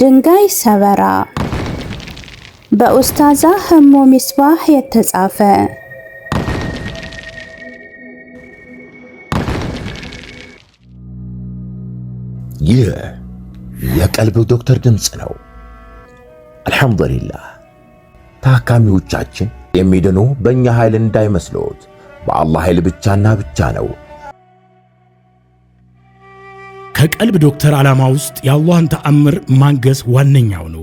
ድንጋይ ሰበራ በኡስታዛ ህሞ ሚስባህ የተጻፈ ይህ የቀልብ ዶክተር ድምፅ ነው። አልሐምዱሊላህ ታካሚዎቻችን የሚድኑ በእኛ ኃይል እንዳይመስሎት፣ በአላህ ኃይል ብቻና ብቻ ነው። ከቀልብ ዶክተር ዓላማ ውስጥ የአላህን ተአምር ማንገስ ዋነኛው ነው።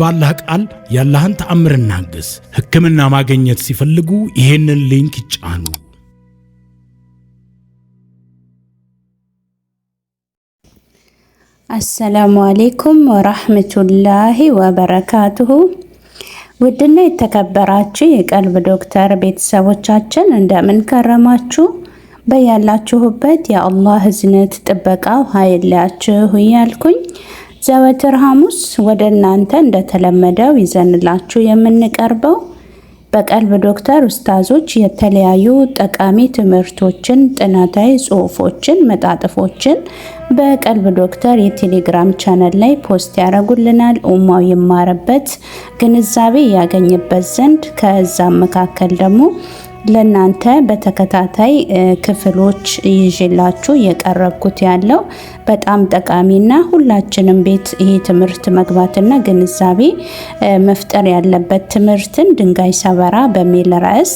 ባላህ ቃል ያላህን ተአምር እናግስ። ሕክምና ማግኘት ሲፈልጉ ይሄንን ሊንክ ይጫኑ። አሰላሙ አሌይኩም ወራህመቱላሂ ወበረካቱሁ። ውድና የተከበራችሁ የቀልብ ዶክተር ቤተሰቦቻችን እንደምን ከረማችሁ? በያላችሁበት የአላህ እዝነት ጥበቃው ሀይላችሁ እያልኩኝ ዘወትር ሐሙስ ወደ እናንተ እንደተለመደው ይዘንላችሁ የምንቀርበው በቀልብ ዶክተር ኡስታዞች የተለያዩ ጠቃሚ ትምህርቶችን፣ ጥናታዊ ጽሑፎችን፣ መጣጥፎችን በቀልብ ዶክተር የቴሌግራም ቻናል ላይ ፖስት ያደርጉልናል። ኡማው ይማርበት፣ ግንዛቤ ያገኝበት ዘንድ ከዛም መካከል ደግሞ ለእናንተ በተከታታይ ክፍሎች ይዤላችሁ የቀረብኩት ያለው በጣም ጠቃሚና ሁላችንም ቤት ይሄ ትምህርት መግባትና ግንዛቤ መፍጠር ያለበት ትምህርትን ድንጋይ ሰበራ በሚል ርዕስ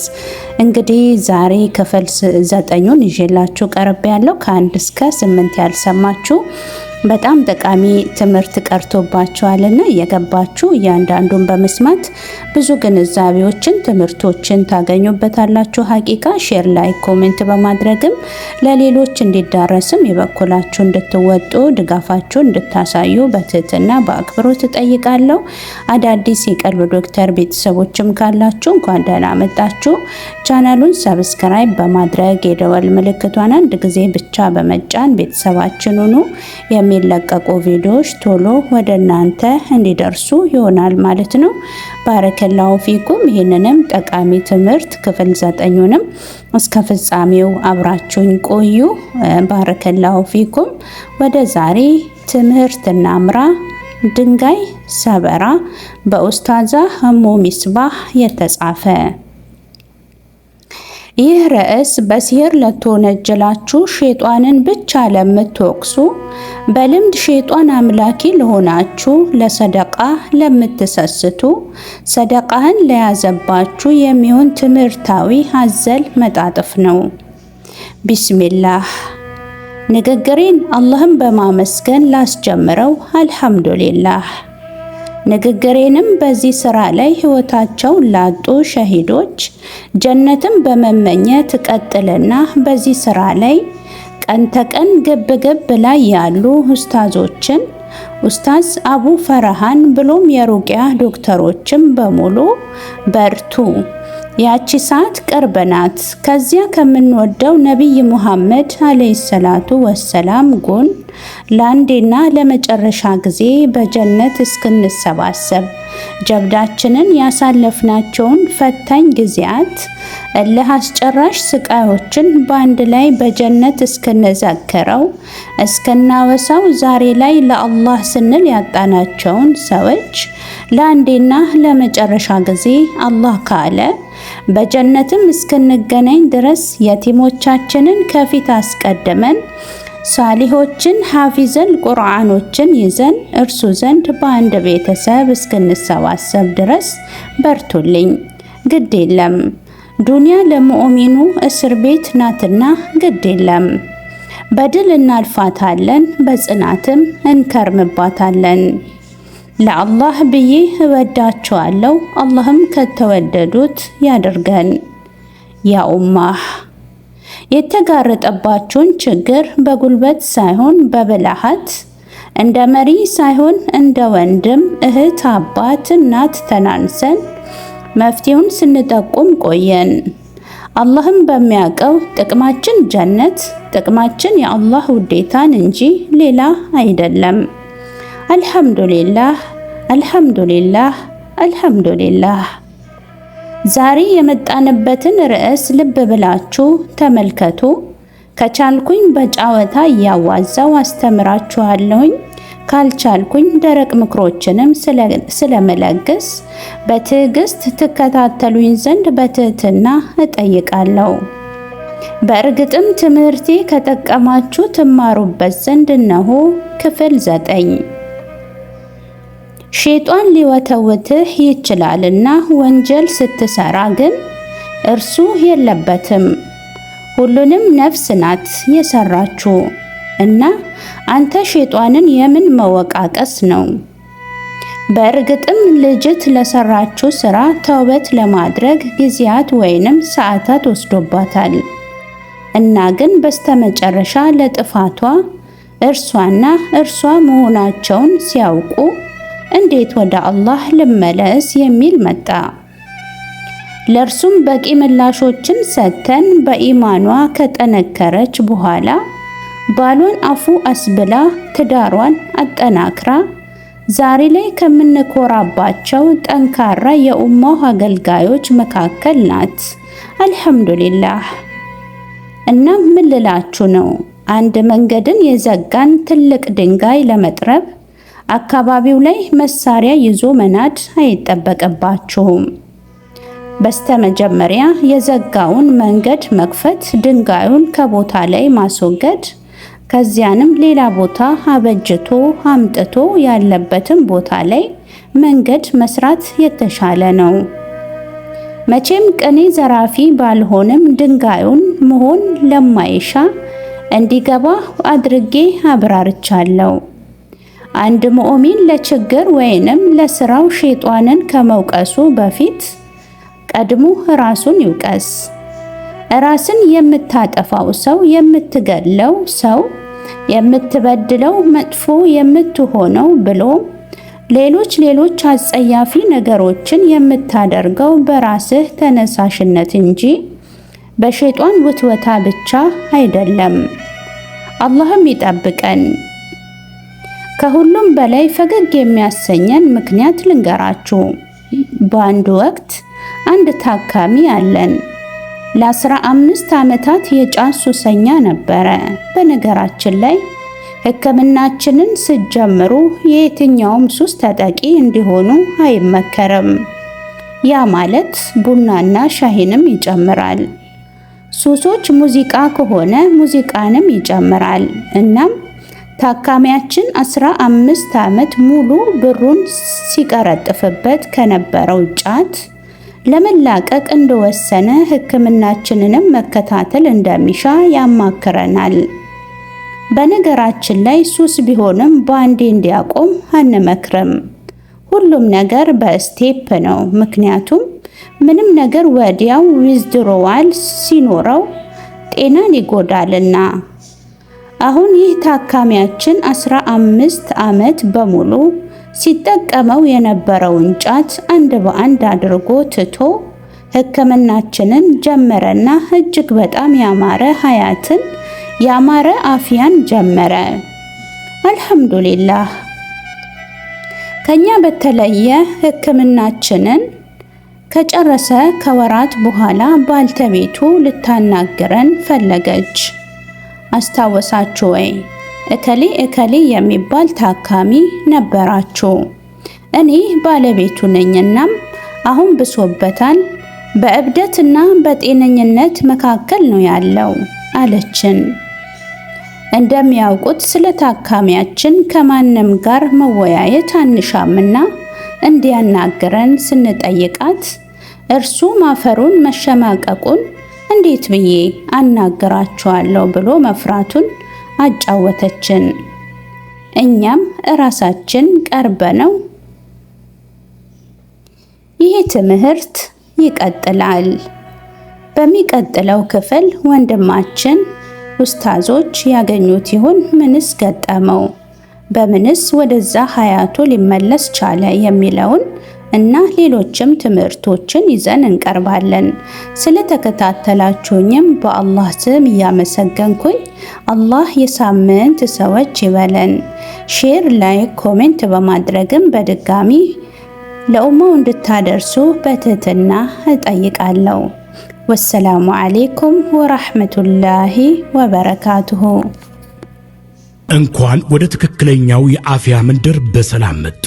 እንግዲህ ዛሬ ክፍል ዘጠኙን ይዤላችሁ ቀርብ ያለው ከአንድ እስከ ስምንት ያልሰማችሁ በጣም ጠቃሚ ትምህርት ቀርቶባችኋልና እየገባችሁ እያንዳንዱን በመስማት ብዙ ግንዛቤዎችን፣ ትምህርቶችን ታገኙበታላችሁ። ሀቂቃ ሼር ላይ ኮሜንት በማድረግም ለሌሎች እንዲዳረስም የበኩላችሁ እንድትወጡ ድጋፋችሁን እንድታሳዩ በትህትና በአክብሮት እጠይቃለሁ። አዳዲስ የቀልብ ዶክተር ቤተሰቦችም ካላችሁ እንኳን ደህና መጣችሁ። ቻናሉን ሰብስክራይብ በማድረግ የደወል ምልክቷን አንድ ጊዜ ብቻ በመጫን ቤተሰባችን ሁኑ። የሚለቀቁ ቪዲዮዎች ቶሎ ወደ እናንተ እንዲደርሱ ይሆናል ማለት ነው። ባረከላሁ ፊኩም። ይህንንም ጠቃሚ ትምህርት ክፍል ዘጠኙንም እስከ ፍጻሜው አብራችሁኝ ቆዩ። ባረከላሁ ፊኩም። ወደ ዛሬ ትምህርት እናምራ። ድንጋይ ሰበራ በኡስታዛ ህሙ ሚስባህ የተጻፈ ይህ ርዕስ በሲህር ለተወነጀላችሁ ሼጧንን ብቻ ለምትወቅሱ፣ በልምድ ሼጧን አምላኪ ለሆናችሁ፣ ለሰደቃ ለምትሰስቱ፣ ሰደቃህን ለያዘባችሁ የሚሆን ትምህርታዊ አዘል መጣጥፍ ነው። ቢስሚላህ ንግግሬን አላህን በማመስገን ላስጀምረው። አልሐምዱሊላህ ንግግሬንም በዚህ ሥራ ላይ ሕይወታቸው ላጡ ሸሂዶች ጀነትን በመመኘት ቀጥልና በዚህ ሥራ ላይ ቀን ተቀን ግብ ግብ ላይ ያሉ ኡስታዞችን ኡስታዝ አቡ ፈርሃን ብሎም የሩቅያ ዶክተሮችን በሙሉ በርቱ ያቺ ሰዓት ቅርብ ናት። ከዚያ ከምንወደው ነቢይ ሙሐመድ አለይሂ ሰላቱ ወሰላም ጎን ለአንዴና ለመጨረሻ ጊዜ በጀነት እስክንሰባሰብ ጀብዳችንን ያሳለፍናቸውን ፈታኝ ጊዜያት፣ እልህ አስጨራሽ ስቃዮችን በአንድ ላይ በጀነት እስክንዘክረው እስክናወሳው ዛሬ ላይ ለአላህ ስንል ያጣናቸውን ሰዎች ለአንዴና ለመጨረሻ ጊዜ አላህ ካለ በጀነትም እስክንገናኝ ድረስ የቲሞቻችንን ከፊት አስቀድመን ሳሊሆችን ሐፊዘን ቁርአኖችን ይዘን እርሱ ዘንድ በአንድ ቤተሰብ እስክንሰባሰብ ድረስ በርቱልኝ። ግድ የለም ዱንያ ለሙእሚኑ እስር ቤት ናትና ግድ የለም በድል እናልፋታለን፣ በጽናትም እንከርምባታለን። ለአላህ ብዬ እወዳችኋለሁ። አላህም ከተወደዱት ያድርገን። ያ ኡማህ የተጋረጠባቸውን ችግር በጉልበት ሳይሆን በብልሃት እንደ መሪ ሳይሆን እንደ ወንድም፣ እህት፣ አባት፣ እናት ተናንሰን መፍትሄውን ስንጠቁም ቆየን። አላህም በሚያውቀው ጥቅማችን ጀነት፣ ጥቅማችን የአላህ ውዴታን እንጂ ሌላ አይደለም። አልሐምዱሊላህ፣ አልሐምዱሊላህ፣ አልሐምዱሊላህ። ዛሬ የመጣንበትን ርዕስ ልብ ብላችሁ ተመልከቱ። ከቻልኩኝ በጨዋታ እያዋዛው አስተምራችኋለሁኝ። ካልቻልኩኝ ደረቅ ምክሮችንም ስለመለግስ በትዕግስት ትከታተሉኝ ዘንድ በትህትና እጠይቃለሁ። በእርግጥም ትምህርቴ ከጠቀማችሁ ትማሩበት ዘንድ እነሆ ክፍል ዘጠኝ ሼጧን ሊወተውትህ ይችላልና ወንጀል ስትሰራ ግን እርሱ የለበትም። ሁሉንም ነፍስ ናት የሰራችው እና አንተ ሼጧንን የምን መወቃቀስ ነው? በእርግጥም ልጅት ለሰራችው ስራ ተውበት ለማድረግ ጊዜያት ወይንም ሰዓታት ወስዶባታል እና ግን በስተመጨረሻ ለጥፋቷ እርሷና እርሷ መሆናቸውን ሲያውቁ እንዴት ወደ አላህ ልመለስ የሚል መጣ። ለእርሱም በቂ ምላሾችን ሰጥተን በኢማኗ ከጠነከረች በኋላ ባሏን አፉ አስብላ ትዳሯን አጠናክራ ዛሬ ላይ ከምንኮራባቸው ጠንካራ የኡማው አገልጋዮች መካከል ናት። አልሐምዱሊላህ። እናም ምን ልላችሁ ነው? አንድ መንገድን የዘጋን ትልቅ ድንጋይ ለመጥረብ አካባቢው ላይ መሳሪያ ይዞ መናድ አይጠበቅባችሁም። በስተመጀመሪያ የዘጋውን መንገድ መክፈት፣ ድንጋዩን ከቦታ ላይ ማስወገድ፣ ከዚያንም ሌላ ቦታ አበጅቶ አምጥቶ ያለበትን ቦታ ላይ መንገድ መስራት የተሻለ ነው። መቼም ቅኔ ዘራፊ ባልሆንም ድንጋዩን መሆን ለማይሻ እንዲገባ አድርጌ አብራርቻለሁ። አንድ ሙእሚን ለችግር ወይንም ለስራው ሸይጣንን ከመውቀሱ በፊት ቀድሞ ራሱን ይውቀስ። ራስን የምታጠፋው ሰው፣ የምትገለው ሰው፣ የምትበድለው፣ መጥፎ የምትሆነው ብሎ ሌሎች ሌሎች አጸያፊ ነገሮችን የምታደርገው በራስህ ተነሳሽነት እንጂ በሸይጣን ውትወታ ብቻ አይደለም። አላህም ይጠብቀን። ከሁሉም በላይ ፈገግ የሚያሰኘን ምክንያት ልንገራችሁ። በአንድ ወቅት አንድ ታካሚ አለን። ለአስራ አምስት ዓመታት የጫት ሱሰኛ ነበረ። በነገራችን ላይ ሕክምናችንን ስጀምሩ የየትኛውም ሱስ ተጠቂ እንዲሆኑ አይመከርም። ያ ማለት ቡናና ሻሂንም ይጨምራል። ሱሶች ሙዚቃ ከሆነ ሙዚቃንም ይጨምራል። እናም ታካሚያችን አስራ አምስት ዓመት ሙሉ ብሩን ሲቀረጥፍበት ከነበረው ጫት ለመላቀቅ እንደወሰነ ሕክምናችንንም መከታተል እንደሚሻ ያማክረናል። በነገራችን ላይ ሱስ ቢሆንም በአንዴ እንዲያቆም አንመክርም። ሁሉም ነገር በስቴፕ ነው። ምክንያቱም ምንም ነገር ወዲያው ዊዝድሮዋል ሲኖረው ጤናን ይጎዳልና። አሁን ይህ ታካሚያችን አስራ አምስት አመት በሙሉ ሲጠቀመው የነበረውን ጫት አንድ በአንድ አድርጎ ትቶ ሕክምናችንን ጀመረና እጅግ በጣም ያማረ ሀያትን ያማረ አፍያን ጀመረ። አልሐምዱሊላህ ከኛ በተለየ ሕክምናችንን ከጨረሰ ከወራት በኋላ ባልተቤቱ ልታናግረን ፈለገች። አስታወሳችሁ ወይ? እከሌ እከሌ የሚባል ታካሚ ነበራችሁ። እኔ ባለቤቱ ነኝናም አሁን ብሶበታል። በእብደትና በጤነኝነት መካከል ነው ያለው አለችን። እንደሚያውቁት ስለ ታካሚያችን ከማንም ጋር መወያየት አንሻምና እንዲያናግረን ስንጠይቃት እርሱ ማፈሩን መሸማቀቁን እንዴት ብዬ አናግራችኋለሁ ብሎ መፍራቱን አጫወተችን። እኛም እራሳችን ነው? ይሄ ትምህርት ይቀጥላል። በሚቀጥለው ክፍል ወንድማችን ኡስታዞች ያገኙት ይሆን? ምንስ ገጠመው? በምንስ ወደዛ ሀያቱ ሊመለስ ቻለ? የሚለውን እና ሌሎችም ትምህርቶችን ይዘን እንቀርባለን። ስለተከታተላችሁኝም በአላህ ስም እያመሰገንኩኝ አላህ የሳምንት ሰዎች ይበለን። ሼር፣ ላይክ፣ ኮሜንት በማድረግም በድጋሚ ለኡማው እንድታደርሱ በትህትና እጠይቃለሁ። ወሰላሙ አሌይኩም ወራህመቱላሂ ወበረካቱሁ። እንኳን ወደ ትክክለኛው የአፍያ መንደር በሰላም መጡ።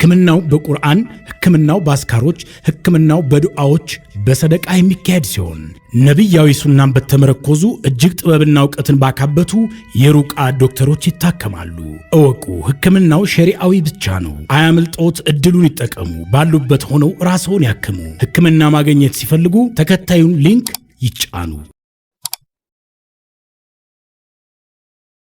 ህክምናው በቁርአን፣ ህክምናው በአስካሮች፣ ህክምናው በዱዓዎች፣ በሰደቃ የሚካሄድ ሲሆን ነቢያዊ ሱናን በተመረኮዙ እጅግ ጥበብና እውቀትን ባካበቱ የሩቃ ዶክተሮች ይታከማሉ። እወቁ፣ ህክምናው ሸሪአዊ ብቻ ነው። አያምልጦት፣ እድሉን ይጠቀሙ። ባሉበት ሆነው ራስዎን ያክሙ። ህክምና ማግኘት ሲፈልጉ ተከታዩን ሊንክ ይጫኑ።